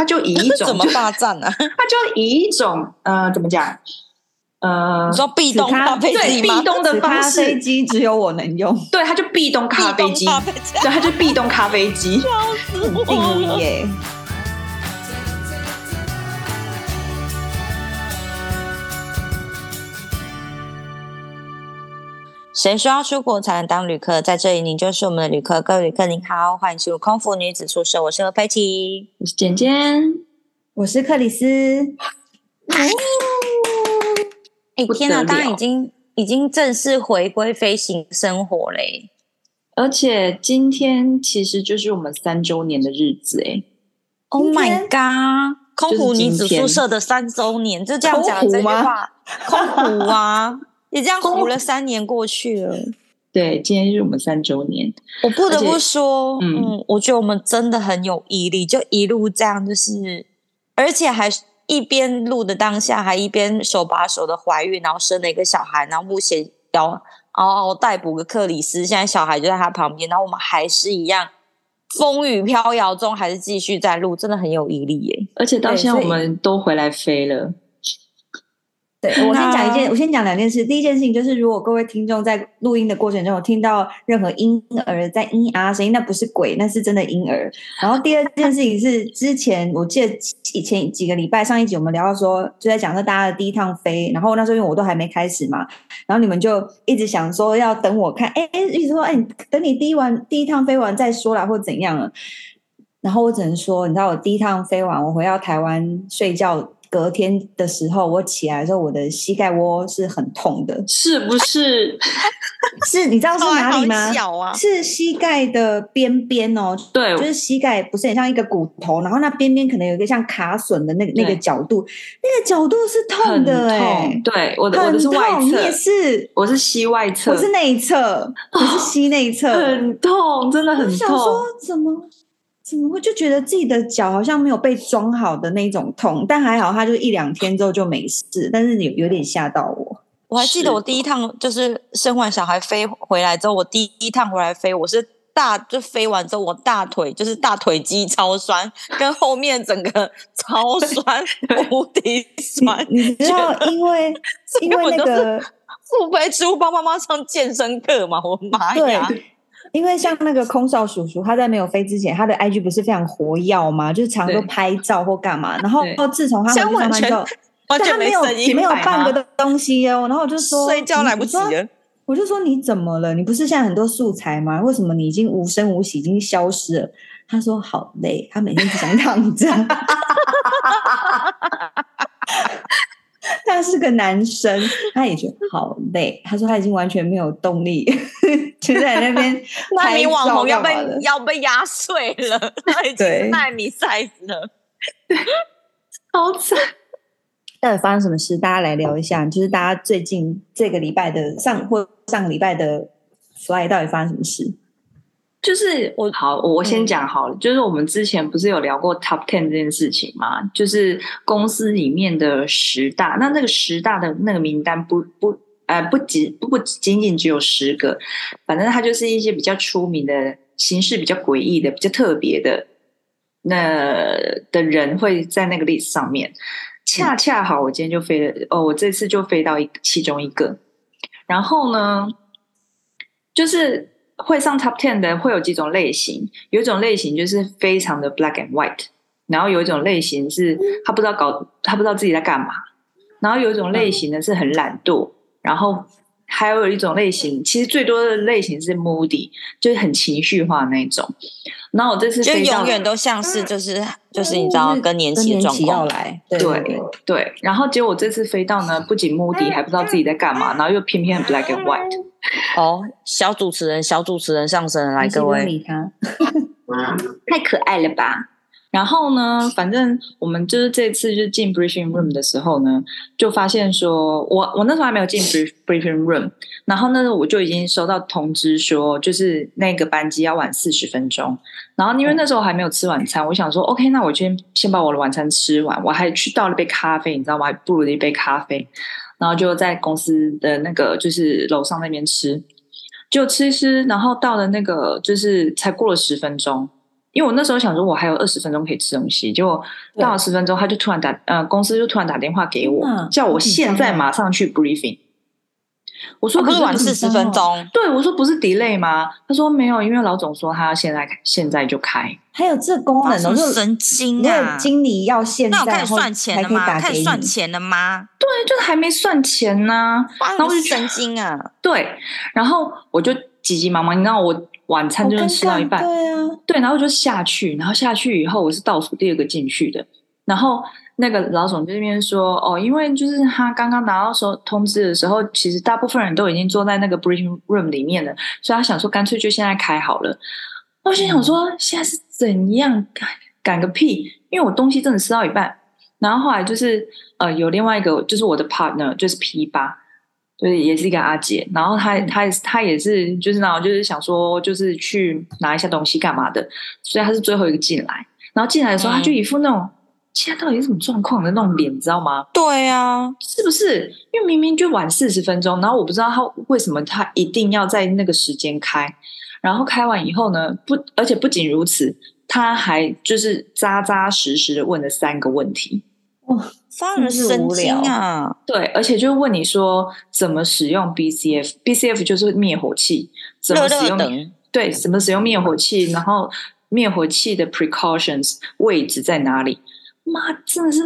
他就以一種怎麼霸占呢、啊？他就以一種呃，怎麼講？呃，你說壁咚咖啡機？對，壁咚的咖啡機只有我能用。對，他就壁咚咖啡機，對，他就壁咚咖啡機，笑死我耶！ 誰說要出國才能當旅客？在這裡，您就是我們的旅客。各位旅客，您好，歡迎進入空服女子宿舍。我是何佩琪，我是簡尖，嗯、我是克里斯。嗯、哎呦！天啊，剛剛已經已經正式回歸飛行生活嘞！而且今天其實就是我們三周年的日子哎。Oh my god！天空服女子宿舍的三周年，就，就這樣講了這句話，空服啊。 你這樣苦了三年過去了。哦，對，今天是我們三週年。我不得不說，嗯，嗯，我覺得我們真的很有毅力，就一路這樣，就是而且還一邊錄的當下，還一邊手把手的懷孕，然後生了一個小孩，然後目前要嗷嗷待哺個克里斯，現在小孩就在他旁邊，然後我們還是一樣風雨飄搖中，還是繼續在錄，真的很有毅力耶。而且到現在對以我們都回來飛了。對，我先講一件，那我先講兩件事。第一件事情就是，如果各位聽眾在錄音的過程中，聽到任何嬰兒在咿呀、啊、聲音，那不是鬼，那是真的嬰兒。然後第二件事情是，之前 我記得以前幾個禮拜上一集我們聊到說，就在講說大家的第一趟飛，然後那時候因為我都還沒開始嘛，然後你們就一直想說要等我看，哎一直說哎等你第一完第一趟飛完再說啦，或怎樣了、啊。然後我只能說，你知道我第一趟飛完，我回到台灣睡覺。隔天的時候，我起來的時候，我的膝蓋窩是很痛的，是不是？ 是，你知道是哪裡嗎？哦小啊、是膝蓋的邊邊哦，對，就是膝蓋不是很像一個骨頭，然後那邊邊可能有一個像卡榫的那個對那個角度，那個角度是痛的哎、欸，對，我的我的是外側，很痛，你也是，我是膝外側，我是內側，我是膝內側，很痛，真的很痛，我想說怎麼？怎麼會就覺得自己的腳好像沒有被裝好的那種痛，但還好，他就一兩天之後就沒事。但是有有點嚇到我，我還記得我第一趟就是生完小孩飛回來之後，我第一趟回來飛，我是大，就飛完之後，我大腿就是大腿肌超酸，跟後面整個超酸， 無敵酸。 你，你知道得因為因為那個腹背肌， 我、就是、我幫媽媽上健身課嘛，我媽呀。因為像那個空少叔叔，他在沒有飛之前，他的 IG 不是非常活躍嗎？就是常都拍照或幹嘛。對然後，自從他沒有上班之後，他沒有沒，沒有半個東西哦。啊、然後我就說，睡覺來不及了。我就說你怎麼了？你不是現在很多素材嗎？為什麼你已經無聲無息，已經消失了？他說好累，他每天只想躺着。 他是個男生，他也覺得好累。他說他已經完全沒有動力， 就在那邊。奈 米網紅要被要被壓碎了，他已經奈米 size 了， 好慘。到底發生什麼事？大家來聊一下，就是大家最近這個禮拜的上或上個禮拜的 fly 到底發生什麼事？就是我好，我先講好了。嗯、就是我們之前不是有聊過 top ten 這件事情嗎？就是公司裡面的十大。那那個十大的那個名單不不呃，不僅不不僅僅只有十個，反正它就是一些比較出名的、形式比較詭異的、比較特別的那的人會在那個 list 上面。恰恰好，我今天就飛了，哦，我這次就飛到一其中一個。然後呢，就是。會上 top ten 的會有幾種類型，有一種類型就是非常的 black and white，然後有一種類型是他不知道搞，他不知道自己在幹嘛，然後有一種類型呢是很懶惰，然後。還有一種類型，其實最多的類型是 moody，就是很情緒化那種。然後我這次就永遠都像是就是、嗯、就是你知道更年期的狀況，來對，對，對，對對。然後結果我這次飛到呢，不僅 moody，還不知道自己在幹嘛，然後又偏偏 black and white。哦，小主持人，小主持人上身來，各位， 太可愛了吧！然後呢，反正我們就是這次就是進 briefing room 的時候呢，就發現說我，我我那時候還沒有進 briefing room，然後那時候我就已經收到通知說，就是那個班機要晚四十分鐘。然後因為那時候我還沒有吃晚餐，嗯、我想說，OK，那我先先把我的晚餐吃完。我還去倒了杯咖啡，你知道嗎？還不如一杯咖啡，然後就在公司的那個就是樓上那邊吃，就吃吃。然後到了那個就是才過了十分鐘。因為我那時候想說，我還有二十分鐘可以吃東西，結果到了十分鐘，他就突然打，對呃，公司就突然打電話給我，嗯、叫我現在馬上去 briefing，哦。我說不是晚四十分鐘？對，我說不是 delay 嗎？他說沒有，因為老總說他現在現在就開。還有這功能，啊、神經啊！就是，有經理要現在，開然後還可以打給算錢的嗎？對，就是還沒算錢吶，啊、哇，是神經啊！對，然後我就急急忙忙，你知道我。晚餐就能吃到一半，對啊，對，然後就下去，然後下去以後我是倒數第二個進去的，然後那個老總這邊說，哦，因為就是他剛剛拿到說通知的時候，其實大部分人都已經坐在那個 briefing room 裡面了，所以他想說乾脆就現在開好了。我心想說現在是怎樣趕、嗯、趕個屁，因為我東西真的吃到一半，然後後來就是呃有另外一個就是我的 partner 就是 P 八。就是也是一個阿姐，然後她她她也是就是那種就是想說就是去拿一下東西幹嘛的，所以她是最後一個進來。然後進來的時候，他就一副那種現在、嗯、到底有什麼狀況的那種臉，你知道嗎？對啊，是不是？因為明明就晚四十分鐘，然後我不知道他為什麼他一定要在那個時間開。然後開完以後呢，不，而且不僅如此，他還就是扎扎實實的問了三個問題。哦放是無聊、嗯、神經啊！對，而且就問你說怎麼使用 BCF，BCF 就是滅火器，怎麼使用？熱熱對，怎麼使用滅火器？然後滅火器的 precautions 位置在哪裡？媽，真的是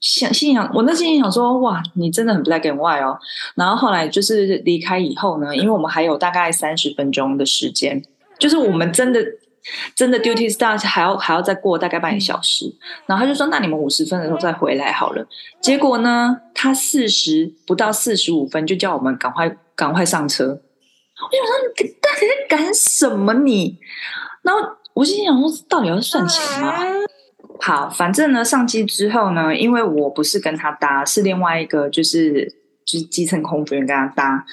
想心想，我那心想說哇，你真的很 black and white 哦。然後後來就是離開以後呢，因為我們還有大概三十分鐘的時間，就是我們真的。嗯真的 duty start 還要還要再過大概半個小時，然後他就說：“那你們五十分的時候再回來好了。”結果呢，他四十不到四十五分就叫我們趕快趕快上車。我想說，你到底在幹什麼你？然後我心想說，到底要算錢嗎？好，反正呢，上機之後呢，因為我不是跟他搭，是另外一個就是就是基層空服員跟他搭，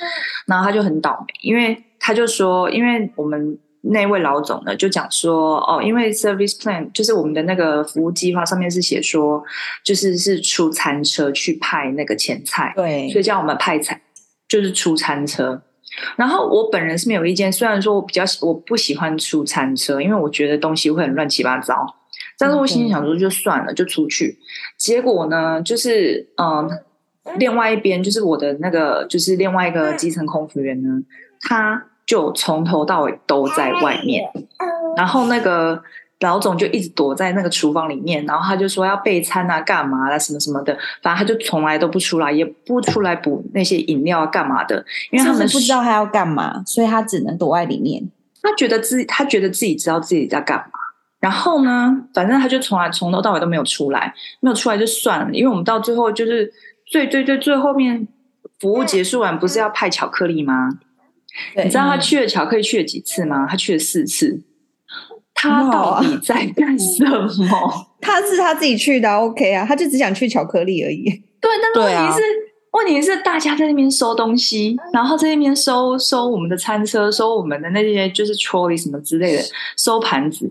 然後他就很倒霉，因為他就說，因為我們。那位老總呢，就講說哦，因為 service plan 就是我們的那個服務計劃上面是寫說，就是是出餐車去派那個前菜，對，所以叫我們派菜，就是出餐車。然後我本人是沒有意見，雖然說我比較我不喜歡出餐車，因為我覺得東西會很亂七八糟，但是我心裡想說就算了，就出去。結果呢，就是嗯、呃，另外一邊就是我的那個就是另外一個基層空服員呢，他。就從頭到尾都在外面，然後那個老總就一直躲在那個廚房裡面，然後他就說要備餐啊，幹嘛啦、啊、什麼什麼的，反正他就從來都不出來，也不出來補那些飲料啊，幹嘛的，因為他們，他們不知道他要幹嘛，所以他只能躲在裡面。他覺得自己他覺得自己知道自己在幹嘛，然後呢，反正他就從來從頭到尾都沒有出來，沒有出來就算了，因為我們到最後就是最最最最後面服務結束完，不是要派巧克力嗎？對你知道他去了巧克力去了幾次嗎？嗯、他去了四次。他到底在幹什麼？哦、他是他自己去的啊，OK 啊，他就只想去巧克力而已。對，但是問題是，啊、問題是大家在那邊收東西，然後在那邊收收我們的餐車，收我們的那些就是 trolley 什麼之類的，收盤子。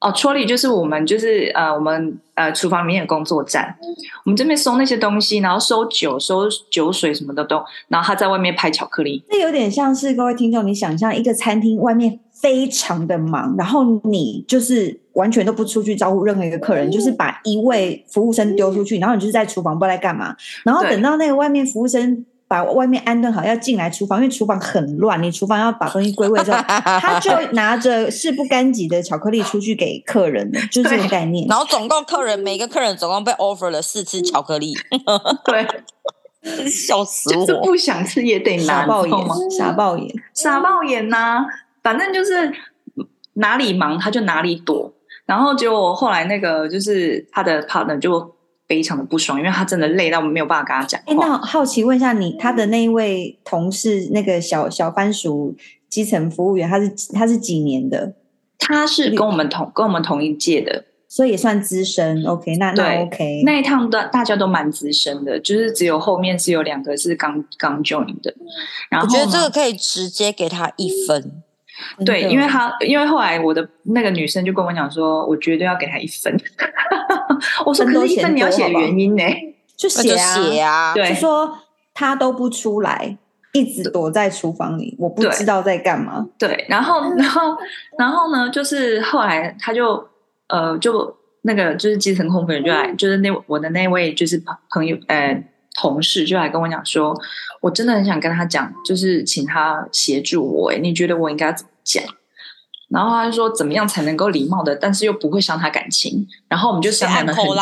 哦，處理就是我們，就是呃，我們呃廚房裡面有工作站，嗯、我們這邊收那些東西，然後收酒、收酒水什麼的都，然後他在外面拍巧克力，這有點像是各位聽眾，你想象一個餐廳外面非常的忙，然後你就是完全都不出去招呼任何一個客人，嗯、就是把一位服務生丟出去，然後你就是在廚房不知道在幹嘛，然後等到那個外面服務生。把外面安頓好，要進來廚房，因為廚房很亂。你廚房要把東西歸位之後， 他就拿着事不干己的巧克力出去給客人， 就是這個概念。然後總共客人每個客人總共被 offer 了四次巧克力。 對，笑死我！就是不想吃也得拿嗎，傻爆眼，傻爆眼，嗯、傻爆眼吶、啊！反正就是哪裡忙他就哪裡躲。然後結果後來那個就是他的 partner 就。非常的不爽，因為他真的累到我們沒有辦法跟他講哎、欸，那好奇問一下你，你他的那一位同事，那個小小番薯基層服務員，他是他是幾年的？他是跟我們同跟我們同一屆的，所以也算資深。OK，那對那 OK，那一趟的大家都蠻資深的，就是只有後面是有兩個是剛剛 join 的。然後我覺得這個可以直接給他一分，的對，因為他因為後來我的那個女生就跟我講說，我絕對要給他一分。 我說可是醫生你要寫原因呢、欸，就寫啊，就寫啊對，就說他都不出來，一直躲在廚房裡，對我不知道在幹嘛對。對，然後，然後，然後呢，就是後來他就呃，就那個就是基層空服員就來，嗯、就是那我的那位就是朋朋友呃同事就來跟我講說，我真的很想跟他講，就是請他協助我、欸，哎，你覺得我應該怎麼講？然後他就說，怎麼樣才能夠禮貌的，但是又不會傷他感情？然後我們就商量了。他按 call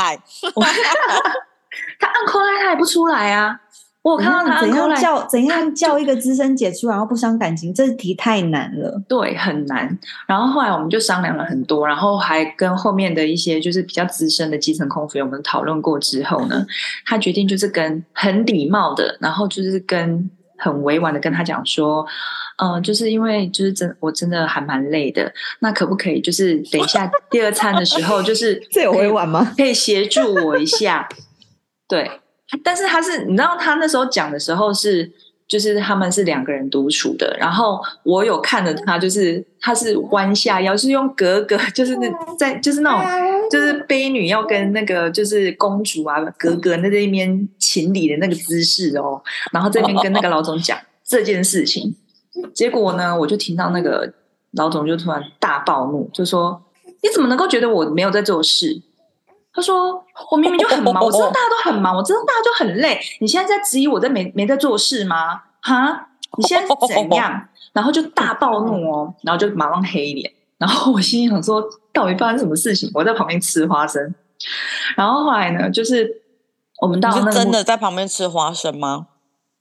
來，他也不出來啊。我有看到他 Line, 怎樣叫怎樣叫一個資深姐出來就然後不傷感情，這題太難了。對，很難。然後後來我們就商量了很多，然後還跟後面的一些就是比較資深的基層空服員我們討論過之後呢，他決定就是跟很禮貌的，然後就是跟很委婉的跟他講說。嗯，就是因為就是真，我真的還蠻累的。那可不可以就是等一下第二餐的時候，就是 這有委婉嗎？可以協助我一下。對，但是他是你知道，他那時候講的時候是就是他們是兩個人獨處的，然後我有看着他，就是他是彎下腰，就是用格格就，就是那在就是那種就是婢女要跟那個就是公主啊格格在一邊行禮的那個姿勢哦，然後這邊跟那個老總講這件事情。結果呢，我就聽到那個老總就突然大暴怒，就說：“你怎麼能夠覺得我沒有在做事？”他說：“我明明就很忙，我知道大家都很忙，我知道大家都很累。你現在在質疑我在沒沒在做事嗎？哈，你現在怎樣？”哦哦哦哦哦然後就大暴怒哦，然後就馬上黑一臉。然後我心裡想說：“到底發生什麼事情？”我在旁邊吃花生。然後後來呢，就是我們到、啊、真的在旁邊吃花生嗎？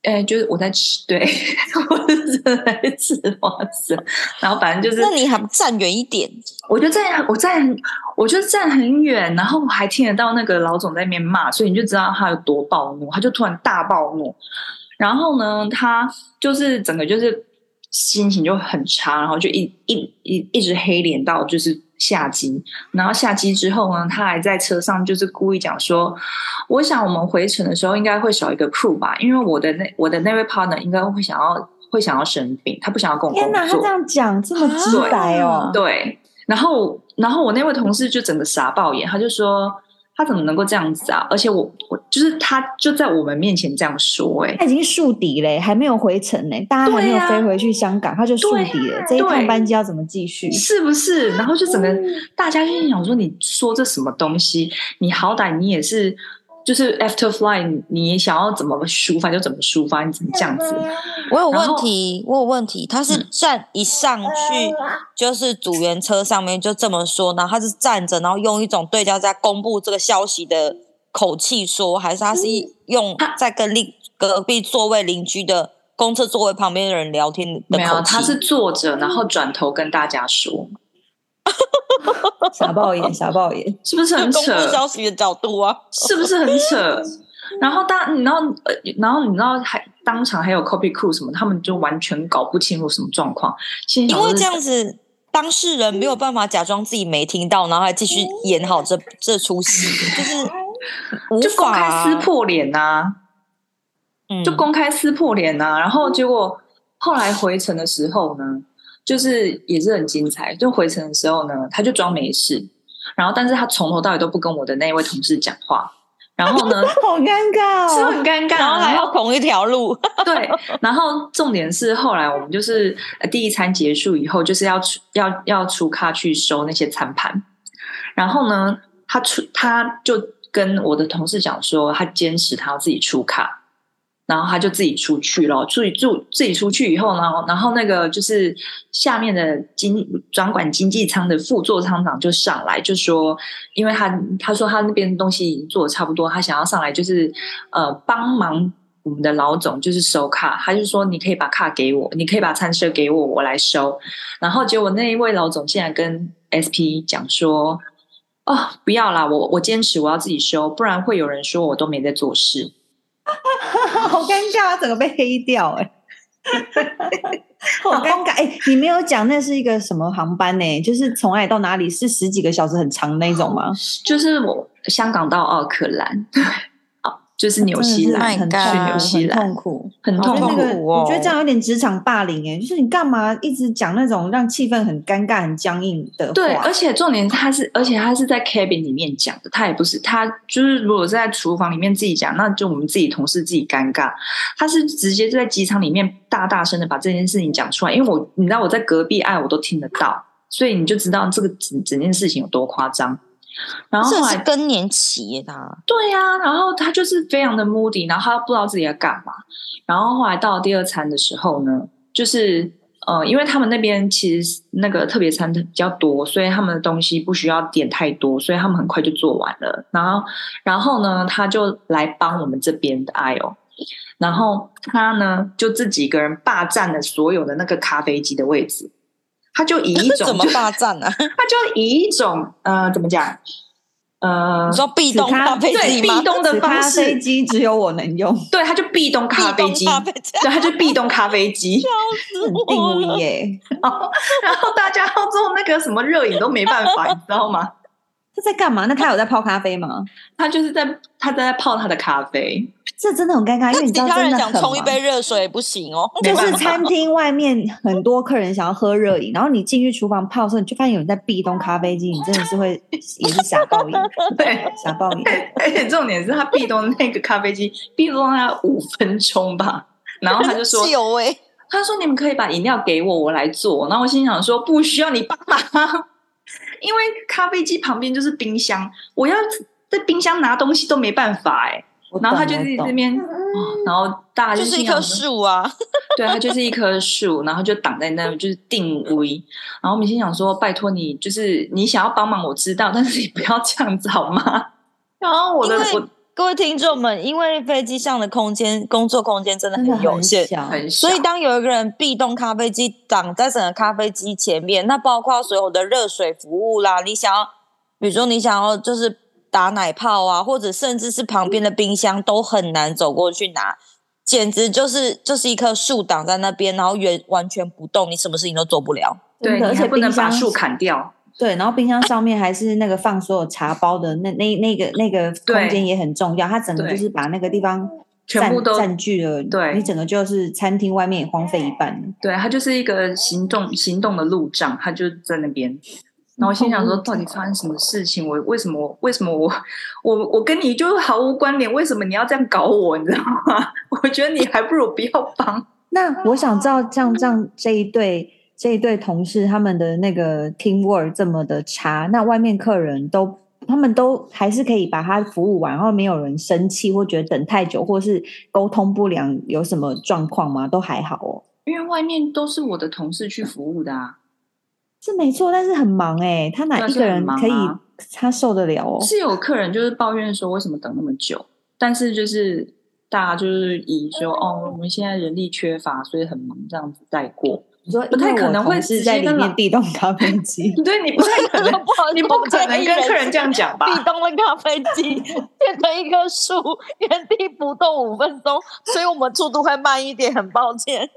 哎，就是我在吃，對，我是真的在吃，哇塞！然後反正就是，那你還不站遠一點？我就站，我站，我就站很遠，然後我還聽得到那個老總在那邊罵，所以你就知道他有多暴怒，他就突然大暴怒，然後呢，他就是整個就是心情就很差，然後就一一一一直黑臉到就是下機，然後下機之後呢，他還在車上，就是故意講說：“我想我們回程的時候應該會少一個 crew 吧，因為我的那我的那位 partner 應該會想要會想要生病，他不想要跟我工作。”天哪，他這樣講這麼直白哦。蛤對，對。然後然後我那位同事就整個傻爆眼，他就說。他怎麼能夠這樣子啊？而且我我就是他就在我們面前這樣說、欸，誒。他已經樹敵嘞、欸，還沒有回程嘞、欸，大家還沒有飛回去香港，啊、他就樹敵了，啊、這一趟班機要怎麼繼續？是不是？然後就整個，大家就想說，你說這什麼東西？對你好歹你也是。就是 after fly，你想要怎麼抒發就怎麼抒發，你怎麼這樣子？我有問題，我有問題。他是站一上去，就是組員車上面就這麼說，然後他是站着，然後用一種對焦在公布這個消息的口氣說，還是他是用在跟另隔壁座位鄰居的公廁座位旁邊的人聊天的口氣？沒有，嗯、沒有，他是坐着，然後轉頭跟大家說。哈哈哈！哈 傻爆眼，傻爆眼，是不是很扯？消息的角度啊，是不是很扯？ 然後當，然後、呃，然後，你知道還當場還有 copy crew 什麼，他們就完全搞不清楚什麼狀況。因為這樣子，當事人沒有辦法假裝自己沒聽到，然後還繼續演好這、嗯、這齣戲，就是、啊、就公開撕破臉吶、啊。嗯，就公開撕破臉吶、啊。然後結果後來回程的時候呢？就是也是很精彩，就回程的時候呢，他就裝沒事，然後但是他從頭到尾都不跟我的那一位同事講話，然後呢， 好尷尬，是很尷尬，然後還要同一條路， 對，然後重點是後來我們就是第一餐結束以後，就是要出要要出卡去收那些餐盤，然後呢，他出他就跟我的同事講說，他堅持他要自己出卡。然後他就自己出去了，出去住自己出去以後呢，然後那個就是下面的經專管經濟艙的副座艙長就上來就說，因為他他說他那邊東西已經做得差不多，他想要上來就是呃幫忙我們的老總就是收卡，他就說，你可以把卡給我，你可以把餐車給我，我來收。然後結果那一位老總竟然跟 SP 講說，哦，不要啦，我我堅持我要自己收，不然會有人說我都沒在做事。 好尷尬，他整個被黑掉哎、欸！ 好尷尬哎、欸！你沒有講那是一個什麼航班呢、欸？就是從愛到哪裡是十幾個小時很長的那種嗎？就是我香港到奧克蘭。 就是紐西蘭、啊，很去很痛苦，很痛苦哦。我、那個、哇覺得這樣有點職場霸凌誒、欸、就是你幹嘛一直講那種讓氣氛很尷尬、很僵硬的話？對，而且重點他是，而且他是在 cabin 裡面講的，他也不是他就是如果是在廚房裡面自己講，那就我們自己同事自己尷尬。他是直接在機艙裡面大大聲的把這件事情講出來，因為我你知道我在隔壁愛我都聽得到，所以你就知道這個整整件事情有多誇張。然後後來是更年期的，對呀、啊，然後他就是非常的 moody，然後他不知道自己要幹嘛。然後後來到了第二餐的時候呢，就是呃，因為他們那邊其實那個特別餐比較多，所以他們的東西不需要點太多，所以他們很快就做完了。然後，然後呢，他就來幫我們這邊的 aisle，然後他呢就自己一個人霸占了所有的那個咖啡機的位置。他就以一種怎麼霸佔了，啊？他就以一種呃，怎麼講？呃，你說壁咚咖啡機，壁咚卡對的方式，只有我能用。對，他就壁咚咖啡機，啡，對，他就壁咚咖啡機，笑、嗯、死我了耶，嗯，欸！然後大家要做那個什麼熱飲都沒辦法， 你知道嗎？他在幹嘛？那他有在泡咖啡嗎？啊，他就是在，他在泡他的咖啡。這真的很尷尬，因為你知道其他人想沖一杯熱水也不行哦。就是餐廳外面很多客人想要喝熱飲，然後你進去廚房泡的時候，你就發現有人在壁咚咖啡機，你真的是會也是瞎爆臉。 對，瞎爆臉。而且重點是他壁咚那個咖啡機壁咚了五分鐘吧，然後他就說：“有味。”他說：“你們可以把飲料給我，我來做。”然後我心想說：“不需要你幫忙。”因為咖啡機旁邊就是冰箱，我要在冰箱拿東西都沒辦法哎。等等然後他就自己在這邊，嗯、然後大家就，是就是一棵樹啊， 對，他就是一棵樹，然後就擋在那，就是定位。然後我們心想說：“拜托你，就是你想要幫忙我知道，但是你不要這樣子好嗎？”然後我的我。各位聽眾們，因為飛機上的空間，工作空間真的很有限，很很，所以當有一個人壁咚咖啡機擋在整個咖啡機前面，那包括所有的熱水服務啦，你想要，比如說你想要就是打奶泡啊，或者甚至是旁邊的冰箱都很難走過去拿，簡直就是就是一棵樹擋在那邊，然後原完全不動，你什麼事情都做不了。對，而且你不能把樹砍掉。對，然後冰箱上面還是那個放所有茶包的那那那個、那個、那個空間也很重要，對它整個就是把那個地方全部都佔據了。對，你整個就是餐廳外面也荒廢一半。對，它就是一個行動行動的路障，它就在那邊。然後我心想說，到底發生什麼事情？我為什麼？為什麼我我我跟你就毫無關聯？為什麼你要這樣搞我？你知道嗎？我覺得你還不如不要幫 那我想知道，這樣這樣這一對。這一對同事他們的那個 teamwork 這麼的差，那外面客人都他們都還是可以把他服務完，然後沒有人生氣或覺得等太久或是溝通不良有什麼狀況嗎？都還好哦，因為外面都是我的同事去服務的，啊。是沒錯，但是很忙哎，欸，他哪一個人可以、啊啊，他受得了？哦。是有客人就是抱怨說為什麼等那麼久，但是就是大家就是以說、嗯、哦，我們現在人力缺乏，所以很忙這樣子帶過。不太可能會是在裡面地動咖啡機，對你不太可能。不好意思 你不可能跟客人這樣講吧？地動的咖啡機變成一棵樹， 原地不動五分鐘，所以我們速度會慢一點，很抱歉。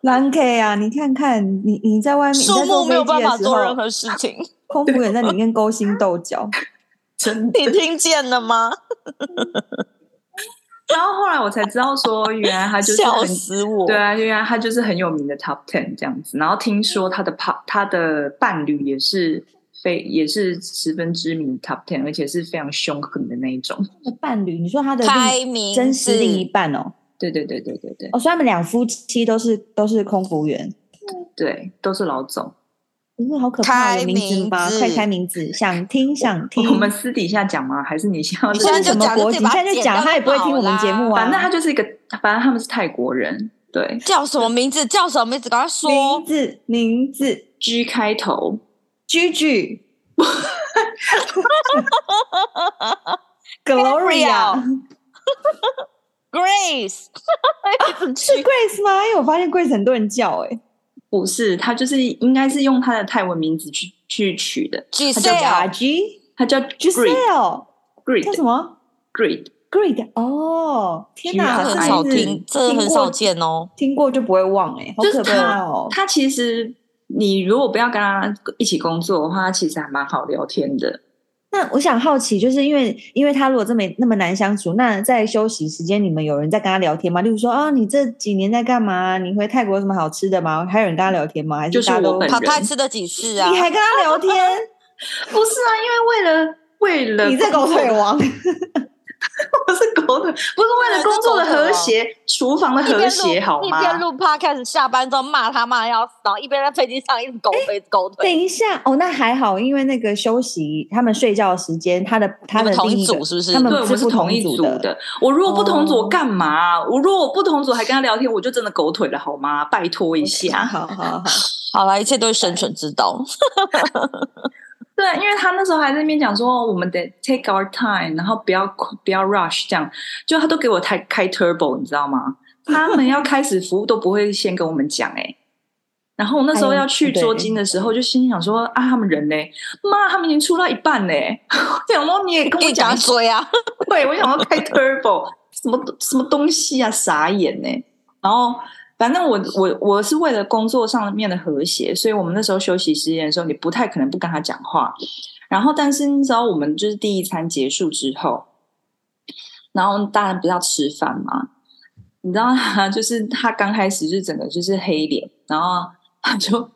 難 K 啊，你看看你你在外面，樹木沒有辦法做任何事情， 空服員也在裡面勾心鬥角，對嗎 的你聽見了嗎？ 然後後來我才知道，說原來他就是很……笑死我！對啊，原來他就是很有名的 Top Ten 這樣子。然後聽說他的 part 他的伴侶也是非，也是十分知名 Top Ten，而且是非常兇狠的那一種他的伴侶。你說他的名真實另一半哦？對對對對對對哦！所以他們兩夫妻都是都是空服員。嗯，對，都是老總。名字、嗯、好可怕！名字，吧名字快猜名字，想聽想聽我。我們私底下講嗎？還是你想聽？什麼國籍？就講，現在就講，他也不會聽我們節目啊。反正他就是一個，反正他們是泰國人，對。叫什麼名字？叫什麼名字？跟他說。名字名字 G 開頭，G G。哈哈哈哈哈哈！Gloria，Grace，、啊、是 Grace 嗎？因為我發現 Grace 很多人叫、欸不是，他就是應該是用他的泰文名字去去取的。他叫 G，他叫 Greed，Greed 叫什麼？Greed，Greed 哦，天哪，r, 是是很少聽，聽過這很少見哦。聽過就不會忘哎、欸，好可怕哦他。他其實，你如果不要跟他一起工作的話，他其實還蠻好聊天的。那我想好奇，就是因為，因為他如果這麼那麼難相處，那在休息時間，你們有人在跟他聊天嗎？例如說，啊，你這幾年在幹嘛？你回泰國有什麼好吃的嗎？還有人跟他聊天嗎？還是大家都怕他吃的幾次啊？你還跟他聊天？ 不是啊，因為為了為了你在狗腿王。 我是狗腿，不是為了工作的和諧，廚房的,的和諧好嗎？一邊錄 podcast，下班之後罵他罵的要死，然後一邊在飛機上一直狗腿，欸、一直狗腿。等一下哦，那還好，因為那個休息，他們睡覺的時間，他的他們同一組是不是？他們不是同一組的。我如果不同組幹嘛？哦、我如果不同組還跟他聊天，我就真的狗腿了好嗎？拜托一下。Okay, 好好好，好了，一切都是生存之道。 對，因為他那時候還在那邊講說，我們得 take our time，然後不要不要 rush，這樣就他都給我開開 turbo，你知道嗎？ 他們要開始服務都不會先跟我們講哎、欸，然後我那時候要去捉金的時候，就心，心想說、哎、啊，他們人呢？媽，他們已經出到一半呢！我想說你也跟我講說呀， 對我想要開 turbo， 什麼什麼東西啊？傻眼呢、欸，然後。反正我我我是為了工作上面的和諧，所以我們那時候休息時間的時候，你不太可能不跟他講話。然後，但是你知道，我們就是第一餐結束之後，然後大人不要吃飯嘛。你知道，他就是他剛開始是整個就是黑臉，然後他就哼，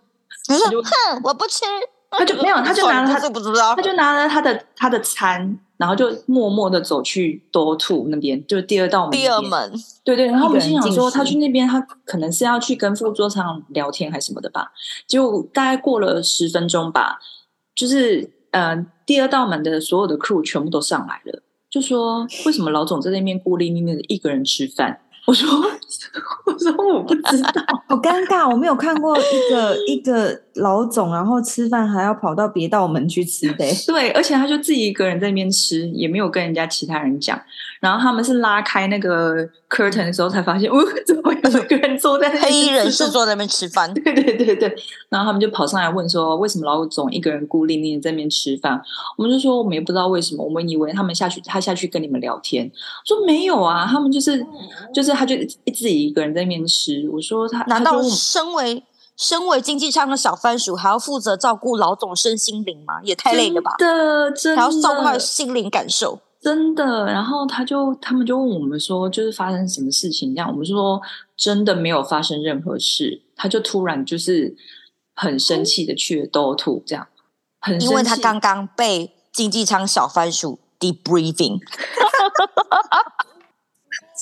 我不吃。他就、嗯、沒有，他就拿了他，不知道，他就拿了他的他的餐。然後就默默的走去 door two 那邊，就是第二道門。第二門，對對。然後我們心想說，他去那邊，他可能是要去跟副座長聊天還是什麼的吧。結果大概過了十分鐘吧，就是嗯、呃，第二道門的所有的 crew 全部都上來了，就說為什麼老總在那邊孤零零的一個人吃飯？我說，我說我不知道， 好尷尬，我沒有看過一、這個一個老總，然後吃飯還要跑到別道門去吃、欸。對，對，而且他就自己一個人在那邊吃，也沒有跟人家其他人講。然後他們是拉開那個 curtain 的時候，才發現，我怎麼會有一個人坐在、呃、黑衣人士坐在那邊吃飯？對，對，對，對。然後他們就跑上來問說，為什麼老總一個人孤零零在那邊吃飯？我們就說，我們也不知道為什麼，我們以為他們下去，他下去跟你們聊天。說沒有啊，他們就是，就是。他就自己一個人在那邊吃。我說他難道身為就身為經濟艙的小番薯，還要負責照顧老總身心靈嗎？也太累了吧！真的，真的還要照顧他的心靈感受，真的。然後他就他們就問我們說，就是發生什麼事情？這樣我們說真的沒有發生任何事。他就突然就是很生氣的去了嘔吐，這樣很因為他剛剛被經濟艙小番薯 debriefing。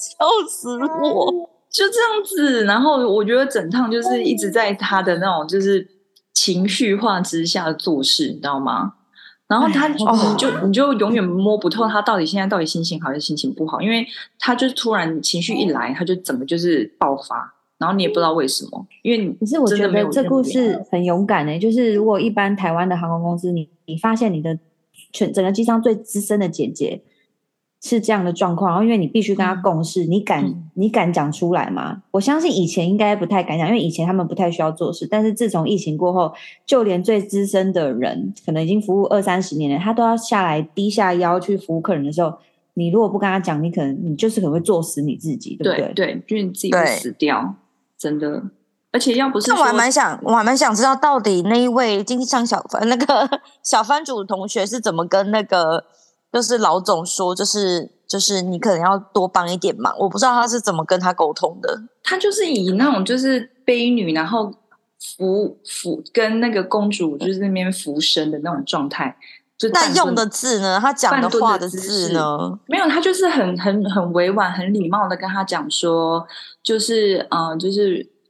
笑死我！就這樣子，然後我覺得整趟就是一直在他的那種就是情緒化之下做事，你知道嗎？然後他就、哎、你就你就永遠摸不透他到底現在到底心情好還是心情不好，因為他就突然情緒一來，嗯、他就怎麼就是爆發，然後你也不知道為什麼。因為你真的沒有因你是我覺得這故事很勇敢呢、欸，就是如果一般台灣的航空公司，你你發現你的全整個機艙最資深的姐姐。是這樣的狀況，然後因為你必須跟他共事，嗯、你敢、嗯、你敢講出來嗎？我相信以前應該不太敢講，因為以前他們不太需要做事。但是自從疫情過後，就連最資深的人，可能已經服務二三十年了，他都要下來低下腰去服務客人的時候，你如果不跟他講，你可能你就是很會做死你自己，對不對？對，就你自己會死掉，對真的。而且要不是，那我還蠻想，我還蠻想知道，到底那一位經濟上小帆那個小帆主同學是怎麼跟那個。就是老總說，就是就是你可能要多幫一點忙，我不知道他是怎麼跟他溝通的。他就是以那種就是婢女，然後服服跟那個公主就是那邊服侍的那種狀態。嗯、那用的字呢？他講的話的字呢的字？沒有，他就是很很很委婉、很禮貌的跟他講說，就是嗯、呃，就是。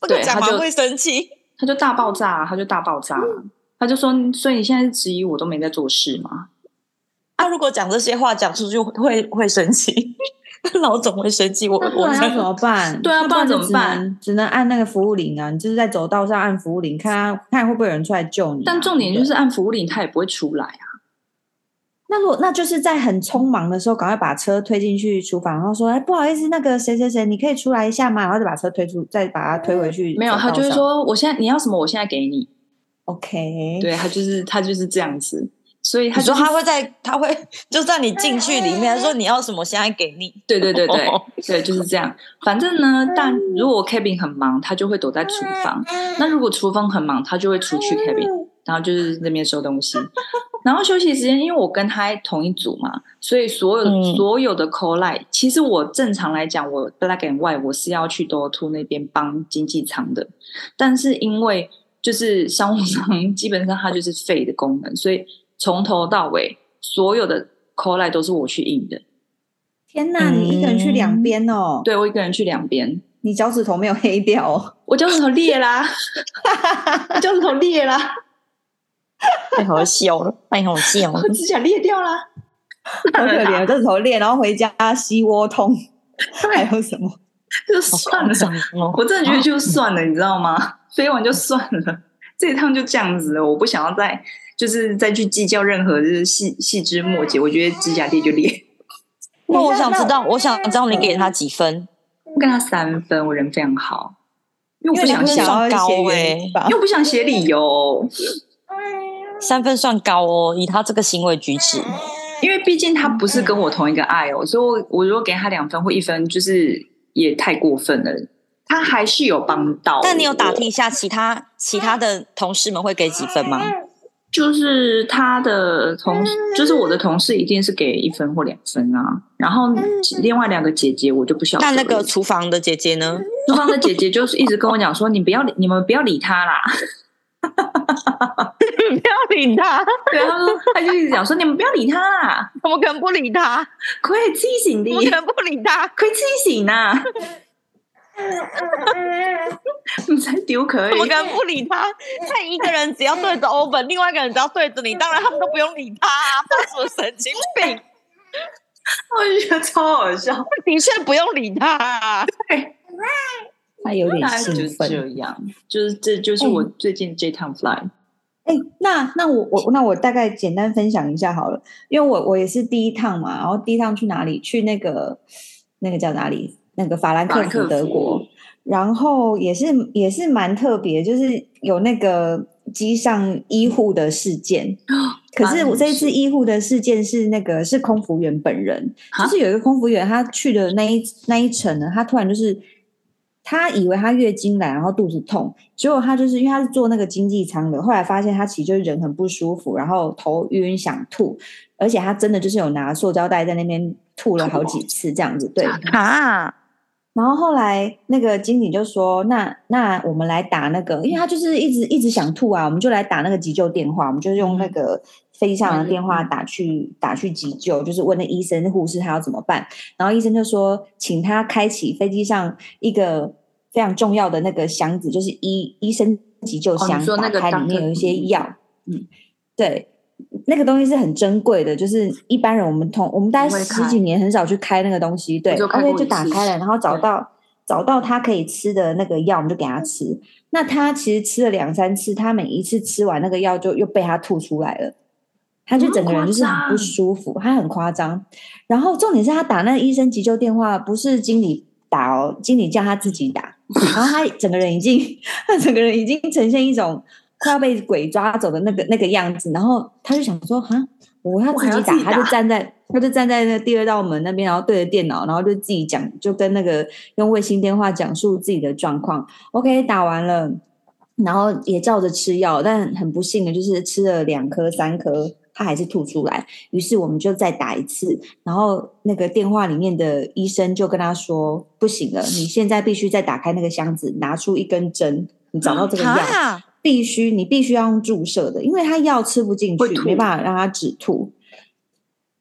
會對，他就生氣，他就大爆炸，他就大爆炸，嗯、他就說，所以你現在質疑我都沒在做事嗎？啊，他如果講這些話，講出去會會，會生氣。 老總會生氣，啊、我要我怎麼辦？對啊，那不然怎麼辦？只能按那個服務鈴啊！你就是在走道上按服務鈴，看看看會不會有人出來救你、啊？但重點就是按服務鈴，他也不會出來啊。那如果那就是在很匆忙的時候，趕快把車推進去廚房，然後說：“哎、欸，不好意思，那個誰誰誰，你可以出來一下嗎？”然後再把車推出，再把它推回去、嗯。沒有，他就是說：“嗯、我現在你要什麼，我現在給你。Okay ” OK，對，他就是他就是這樣子，所以他、就是、說他會在，他會就算你進去裡面，他、哎、呀說你要什麼，現在給你。對對對對 對，就是這樣。反正呢，但如果 cabin 很忙，他就會躲在廚房；那如果廚房很忙，他就會出去 cabin，然後就是那邊收東西。然後休息時間，因為我跟他同一組嘛，所以所有、嗯、所有的 call line，其實我正常來講，我 black and white 我是要去多 t w o 那邊幫經濟艙的，但是因為就是商務艙基本上它就是廢的功能，所以從頭到尾所有的 call line 都是我去印的。天哪，嗯、你一個人去兩邊哦？對我一個人去兩邊。你腳趾頭沒有黑掉？哦，我腳趾頭裂啦， 我腳趾頭裂啦。 太好笑了！太好笑了！ 指甲裂掉了，啊！好可憐，這時候裂，然後回家膝窩痛。 還有什麼？就算了。哦、我真的覺得就算了，哦、你知道嗎？飛完就算了，這一趟就這樣子了。我不想要再，就是再去計較任何就是細細枝末節。我覺得指甲裂就裂。那、哦、我想知道，我想知道你給他幾分？我跟他三分，我人非常好，又不想寫高危，又不想寫理由。三分算高哦，以他這個行為舉止，因為畢竟他不是跟我同一個愛哦，所以我，我如果給他兩分或一分，就是也太過分了。他還是有幫到，但你有打聽一下其他其他的同事們會給幾分嗎？就是他的同，就是我的同事一定是給一分或兩分啊。然後另外兩個姐姐我就不曉得，但那個廚房的姐姐呢？廚房的姐姐就是一直跟我講說， 你不要，你們不要理他啦。哈哈哈哈哈！ 你不要理他 對、啊。對，他他就一直講說：“你們不要理他、啊，怎麼可能不理他，他很痴線的，我們不理他，他痴線吶。”哈哈哈哈哈！唔使丟佢，怎麼可能不理他。他一個人只要對着 Owen，另外一個人只要對着你，當然他們都不用理他、啊。他什麼神經病？我覺得超好笑，的確 不用理他、啊。對。他有點興奮，嗯、是就是這樣就是這就是我最近這趟 fly。欸、那那我我那我大概簡單分享一下好了，因為我我也是第一趟嘛，然後第一趟去哪裡？去那個那個叫哪裡？那個法蘭克福德國，然後也是也是蠻特別，就是有那個機上醫護的事件。嗯、可是我這一次醫護的事件是那個是空服員本人，蛤就是有一個空服員他去的那一那一程呢，他突然就是。他以為他月經來，然後肚子痛，結果他就是因為他是坐那個經濟艙的，後來發現他其實就是人很不舒服，然後頭暈想吐，而且他真的就是有拿塑膠袋在那邊吐了好幾次這樣子。什麼？對啊，然後後來那個經理就說：“那那我們來打那個，因為他就是一直一直想吐啊，我們就來打那個急救電話，我們就是用那個飛機上的電話打去打去急救，就是問那醫生護士他要怎麼辦。然後醫生就說，請他開啟飛機上一個。”非常重要的那個箱子，就是醫醫生急救箱，打開裡面有一些藥，哦、嗯，對，那個東西是很珍貴的，就是一般人我們通我們大概十幾年很少去開那個東西，對，就, Okay, 就打開了，然後找到對找到他可以吃的那個藥，我們就給他吃。那他其實吃了兩三次，他每一次吃完那個藥就又被他吐出來了，他就整個人就是很不舒服，他很誇張。然後重點是他打那個醫生急救電話，不是經理。打哦！經理叫他自己打，然後他整個人已經，他整個人已經呈現一種快要被鬼抓走的那個那個樣子，然後他就想說：“哈，我要自己打。己打”他就站在，他就站在那第二道門那邊，然後對着電腦，然後就自己講，就跟那個用衛星電話講述自己的狀況。OK，打完了，然後也照着吃藥，但很不幸的就是吃了兩顆、三顆。他還是吐出來，於是我們就再打一次。然後那個電話裡面的醫生就跟他說：“不行了，你現在必須再打開那個箱子，拿出一根針，你找到這個藥，嗯啊、必須你必須要用注射的，因為他藥吃不進去，會吐，沒辦法讓他止吐。”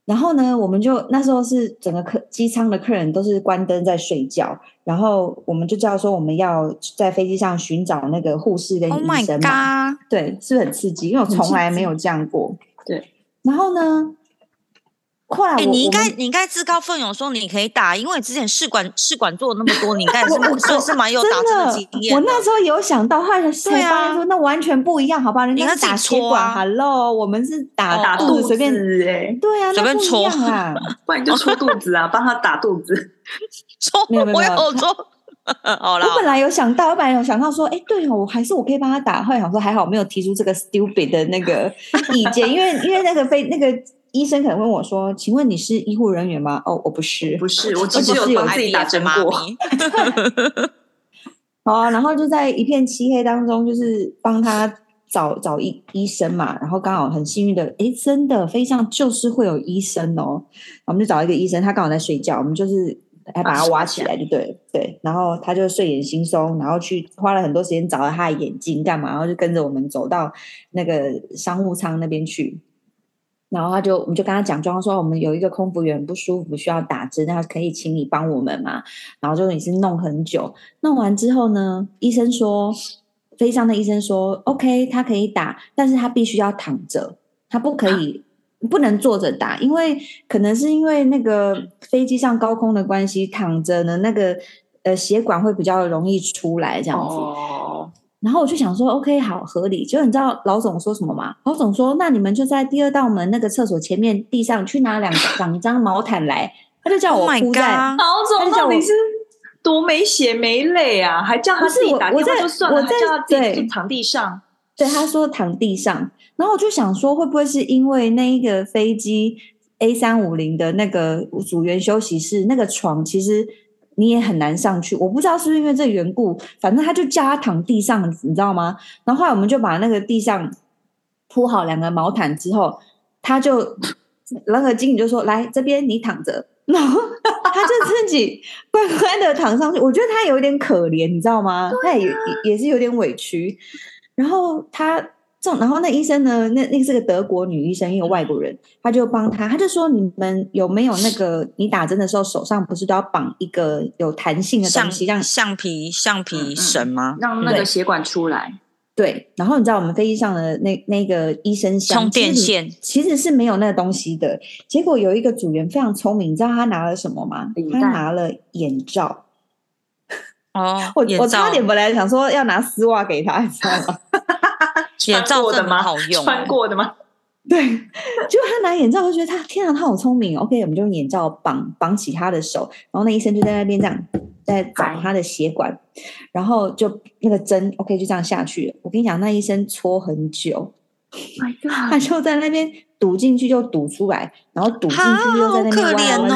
然後呢，我們就那時候是整個客機艙的客人都是關燈在睡覺，然後我們就知道說我們要在飛機上尋找那個護士跟醫生吧。Oh、對，是不是很刺激？因為我從來沒有這樣過。然後呢？快、欸！你應該你應該自告奮勇說你可以打，因為之前試管試管做了那麼多，你應該是 的算是蠻有打針的經驗。我那時候有想到，他才發現說對、啊、那完全不一樣，好吧？人家是打血管哈囉。啊、Hello, 我們是打肚、哦、打肚子、欸，隨對呀、啊，隨、啊、便戳啊， 不然你就戳肚子啊，幫 他打肚子， 戳！有我有戳。好好，我本來有想到，我本來有想到說，哎，對哦，我還是我可以幫他打。後來想說，還好沒有提出這個 stupid 的那個意見， 因為因為那個飛那個醫生可能問我說，請問你是醫護人員嗎？哦，我不是，不是，我之前是有自己打針過。好啊，然後就在一片漆黑當中，就是幫他找找醫醫生嘛，然後剛好很幸運的，哎，真的飛上就是會有醫生哦，我們就找一個醫生，他剛好在睡覺，我們就是。還把他把它挖起來，就對了，啊、對，對，然後他就睡眼惺忪，然後去花了很多時間找到他的眼睛幹嘛，然後就跟着我們走到那個商務艙那邊去，然後他就我們就跟他講，裝說我們有一個空服員不舒服，不需要打針，那他可以請你幫我們嘛，然後就也是弄很久，弄完之後呢，醫生說，飛機上的醫生說，OK，他可以打，但是他必須要躺着，他不可以。啊不能坐着打，因為可能是因為那個飛機上高空的關係，躺着呢，那個呃血管會比較容易出來這樣子。Oh. 然後我就想說，OK，好，合理。結果你知道老總說什麼嗎？老總說，那你們就在第二道門那個廁所前面地上去拿兩 兩張毛毯來。他就叫我鋪在。Oh、my 老總說我你是多沒血沒淚啊，還叫他自己打電話就算了，我我還叫他自己躺地上對。對，他說躺地上。然後我就想說，會不會是因為那一個飛機 A 三五零的那個組員休息室那個床，其實你也很難上去。我不知道是不是因為這個緣故，反正他就叫他躺地上，你知道嗎？然後後來我們就把那個地上鋪好兩個毛毯之後，他就那個經理就說：“來這邊，你躺着。”然後他就自己乖乖的躺上去。 我覺得他有點可憐，你知道嗎？啊、他也也是有點委屈。然後他。這然後那醫生呢？那那個是個德國女醫生，因為外國人，他就幫他，他就說你們有沒有那個是你打針的時候手上不是都要綁一個有彈性的東西橡，橡皮讓橡皮橡皮繩嗎、嗯？讓那個血管出來對。對，然後你知道我們飛機上的那那個醫生充電線其實，其實是沒有那個東西的。結果有一個組員非常聰明，你知道他拿了什麼嗎？他拿了眼罩。帶 哦， 我罩我差點本來想說要拿絲襪給他，你知道嗎？ 眼罩真的蠻好用。穿過的嗎？對，就他拿眼罩，就覺得他，天啊，他好聰明。 OK，我們就用眼罩綁綁起他的手，然後那醫生就在那邊這樣在找他的血管，Hi. 然後就那個針，OK，就這樣下去了。我跟你講，那醫生戳很久，oh、my 他就在那邊堵進去就堵出來，然後堵進去又在那邊彎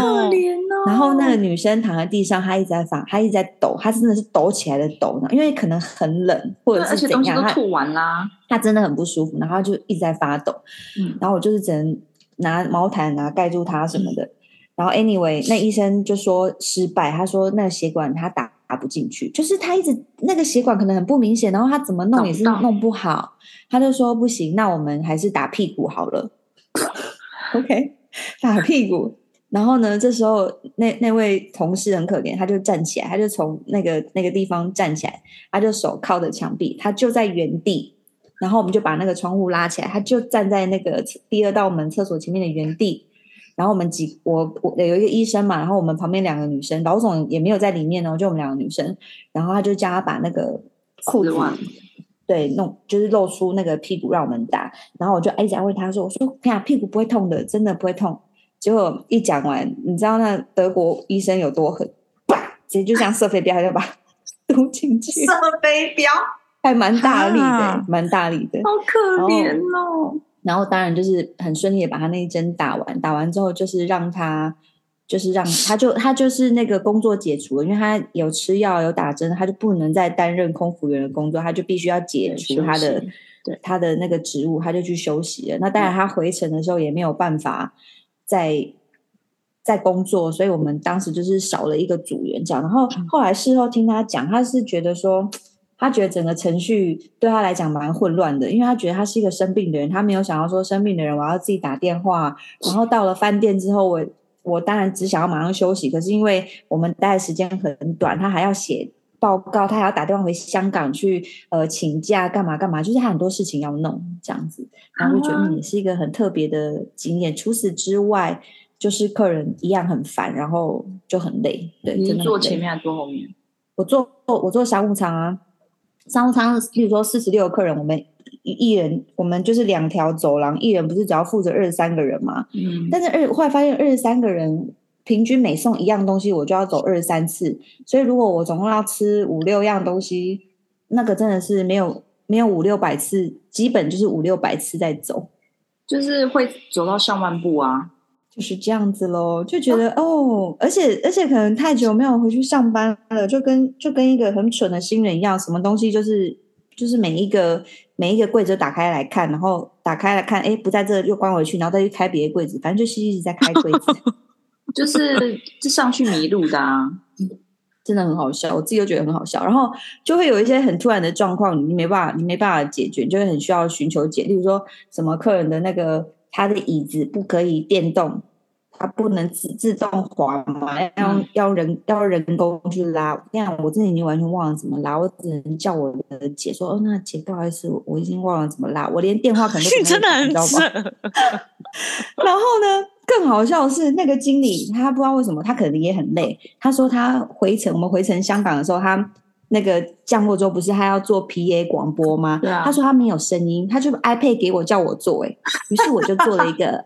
然後那個女生躺在地上，她一直在發，她一直在抖，她真的是抖起來的抖呢，因為可能很冷，或者是怎樣，她都吐完啦，她真的很不舒服，然後就一直在發抖。嗯，然後我就是只能拿毛毯啊蓋住她什麼的。嗯，然後 anyway，那醫生就說失敗，他說那個血管他打打不進去，就是他一直那個血管可能很不明顯，然後他怎麼弄也是弄不好，他就說不行，那我們還是打屁股好了。 OK，打屁股。 然後呢？這時候，那那位同事很可憐，他就站起來，他就從那個那個地方站起來，他就手靠着牆壁，他就在原地。然後我們就把那個窗戶拉起來，他就站在那個第二道門廁所前面的原地。然後我們幾我我有一個醫生嘛，然後我們旁邊兩個女生，老總也沒有在裡面哦，就我們兩個女生。然後他就叫他把那個褲子，哦、對,對，弄就是露出那個屁股讓我們打。然後我就一直安慰他說：“我說，哎呀，屁股不會痛的，真的不會痛。”結果一講完，你知道那德國醫生有多狠？直接就像射飛鏢一樣把他丟進去，射飛鏢還蠻大力的，啊、蠻大力的，好可憐哦。然後，然後當然就是很順利的把他那一針打完，打完之後就是讓他，就是讓他，他就他就是那個工作解除了，因為他有吃藥有打針，他就不能再擔任空服員的工作，他就必須要解除他的他的那個職務，他就去休息了。那當然他回程的時候也沒有辦法。在在工作，所以我們當時就是少了一個組員講。然後後來事後聽他講，他是覺得說，他覺得整個程序對他來講蠻混亂的，因為他覺得他是一個生病的人，他沒有想到說生病的人我要自己打電話。然後到了飯店之後我，我我當然只想要馬上休息，可是因為我們待的時間很短，他還要寫。報告，他還要打電話回香港去，呃，請假幹嘛幹嘛，就是他很多事情要弄這樣子，然後就覺得你是一個很特別的經驗。除此之外，就是客人一樣很煩，然後就很累。對，你坐前面還是坐後面？我坐我坐商務艙啊，商務艙，例如說四十六個客人，我們一人我們就是兩條走廊，一人不是只要負責二十三個人嘛？嗯，但是二，後來發現二十三個人。平均每送一樣東西，我就要走二十三次。所以如果我總共要吃五六樣東西，那個真的是沒有沒有五六百次，基本就是五六百次在走，就是會走到上萬步啊，就是這樣子咯。就覺得哦，哦，而且而且可能太久沒有回去上班了，就跟就跟一個很蠢的新人一樣，什麼東西就是就是每一個每一個櫃子都打開來看，然後打開來看，哎，不在這，又關回去，然後再去開別的櫃子，反正就是一直在開櫃子。 就是就上去迷路的啊，真的很好笑，我自己都覺得很好笑。然後就會有一些很突然的狀況，你沒辦法，你沒辦法解決，你就會很需要尋求解。例如說什麼客人的那個他的椅子不可以電動。它不能自自動滑嘛，要要人要人工去拉。那樣我真的已經完全忘了怎麼拉，我只能叫我的姐說：“哦，那個、姐不好意思，我已經忘了怎麼拉，我連電話可能都沒有。 你真的”你知道嗎？然後呢，更好笑的是那個經理，他不知道為什麼，他可能也很累。他說他回程，我們回程香港的時候，他那個降落之後不是他要做 PA 廣播嗎？Yeah. 他說他沒有聲音，他就 iPad 給我叫我做、欸，哎，於是我就做了一個。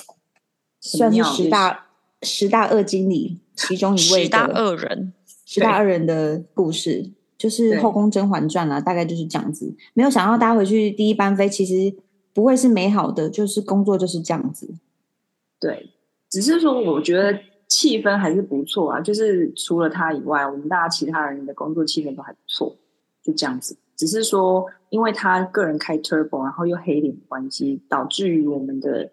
算是十大、就是、十大惡經理其中一位十大惡人，十大惡人的故事對就是《後宮甄嬛傳》啊，對大概就是這樣子。沒有想到搭回去第一班飛，其實不會是美好的，就是工作就是這樣子。對，只是說我覺得氣氛還是不錯啊，就是除了他以外，我們大家其他人的工作氣氛都還不錯，就這樣子。只是說，因為他個人開 Turbo，然後又黑臉關機，導致於我們的。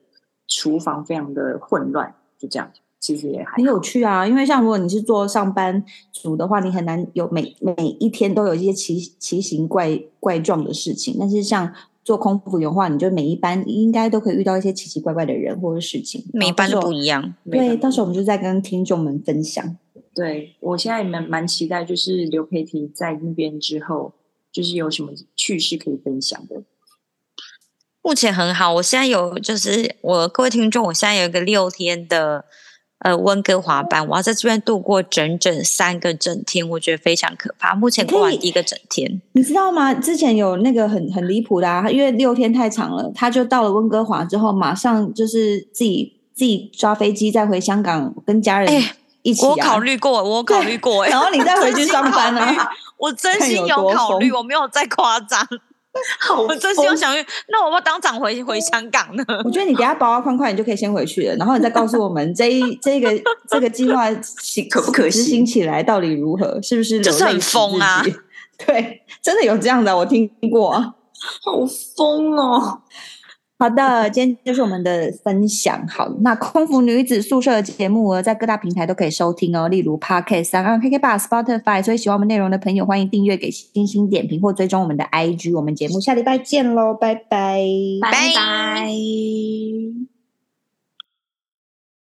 廚房非常的混亂，就這樣，其實也很有趣啊。因為像如果你是做上班族的話，你很難有每每一天都有一些奇奇形怪怪狀的事情。但是像做空服員的話，你就每一班應該都可以遇到一些奇奇怪怪的人或者事情，每一班都不一樣。一一樣對，到時候我們就在跟聽眾們分享。對，我現在也蠻蠻期待，就是劉佩婷在那邊之後，就是有什麼趣事可以分享的。目前很好，我現在有就是我各位聽眾，我現在有一個六天的呃溫哥華班，我要在這邊度過整整三個整天，我覺得非常可怕。目前過完一個整天，你，你知道嗎？之前有那個很很離譜的啊，因為六天太長了，他就到了溫哥華之後，馬上就是自己自己抓飛機再回香港跟家人一起啊。欸。我考慮過，我考慮過，然後你再回去上班啊？我真心有考慮，我沒有再誇張。好，真希望想欲，那我不要當場回回香港呢？我覺得你等下包啊框框，你就可以先回去了，然後你再告訴我們這一 這，一這一個 這個計劃行 可不可行，行起來到底如何？是不是？就是很瘋啊！對，真的有這樣的，我聽過，好瘋哦。好的，今天就是我們的分享。好，那空服女子宿舍的節目在各大平台都可以收聽哦，例如 Podcast、三二 KKBOX Spotify。所以喜歡我們內容的朋友，歡迎訂閱給星星點評或追蹤我們的 IG。我們節目下禮拜見嘍，拜拜，拜拜 bye。Bye bye